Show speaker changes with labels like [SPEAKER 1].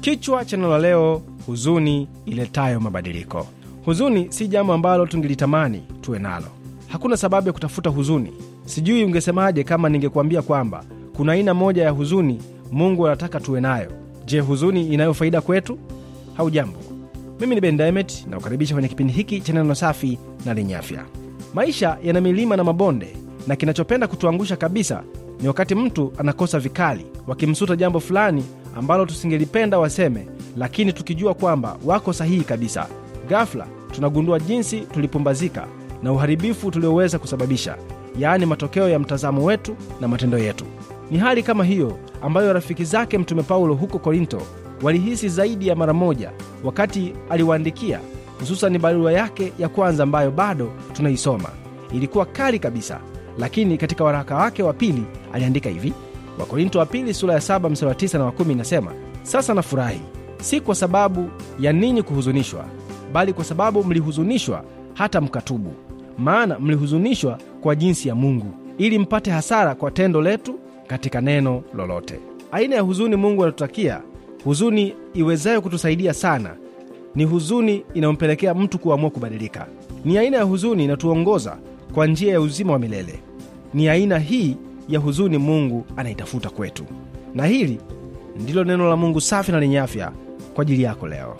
[SPEAKER 1] Kichwa cha neno la leo, huzuni iletayo mabadiliko. Huzuni si jambo ambalo tungelitamani tuwe nalo. Hakuna sababu ya kutafuta huzuni. Sijui ungesemaje kama ningekuambia kwamba kuna aina moja ya huzuni Mungu anataka tuwe nayo. Je, huzuni inayo faida kwetu? Haujambo, mimi ni Ben na kukaribisha kwenye kipindi hiki cha neno safi na lenye afya. Maisha yana milima na mabonde, na kinachopenda kutuangusha kabisa ni wakati mtu anakosa vikali, wakimsuta jambo fulani ambalo tusingelipenda waseme, lakini tukijua kwamba wako sahihi kabisa. Ghafla tunagundua jinsi tulipumbazika na uharibifu tulioweza kusababisha, yaani matokeo ya mtazamo wetu na matendo yetu. Ni hali kama hiyo ambayo rafiki zake Mtume Paulo huko Korinto walihisi zaidi ya mara moja wakati aliwaandikia, hususani barua yake ya kwanza ambayo bado tunaisoma. Ilikuwa kali kabisa, lakini katika waraka wake wa pili aliandika hivi: Wakorinto wa pili sura ya saba mstari wa tisa na wa kumi inasema, sasa nafurahi si kwa sababu ya ninyi kuhuzunishwa, bali kwa sababu mlihuzunishwa hata mkatubu. Maana mlihuzunishwa kwa jinsi ya Mungu, ili mpate hasara kwa tendo letu katika neno lolote. Aina ya huzuni Mungu anatutakia huzuni iwezayo kutusaidia sana ni huzuni inayompelekea mtu kuamua kubadilika. Ni aina ya huzuni inatuongoza kwa njia ya uzima wa milele. Ni aina hii ya huzuni Mungu anaitafuta kwetu. Na hili ndilo neno la Mungu safi na lenye afya kwa ajili yako leo.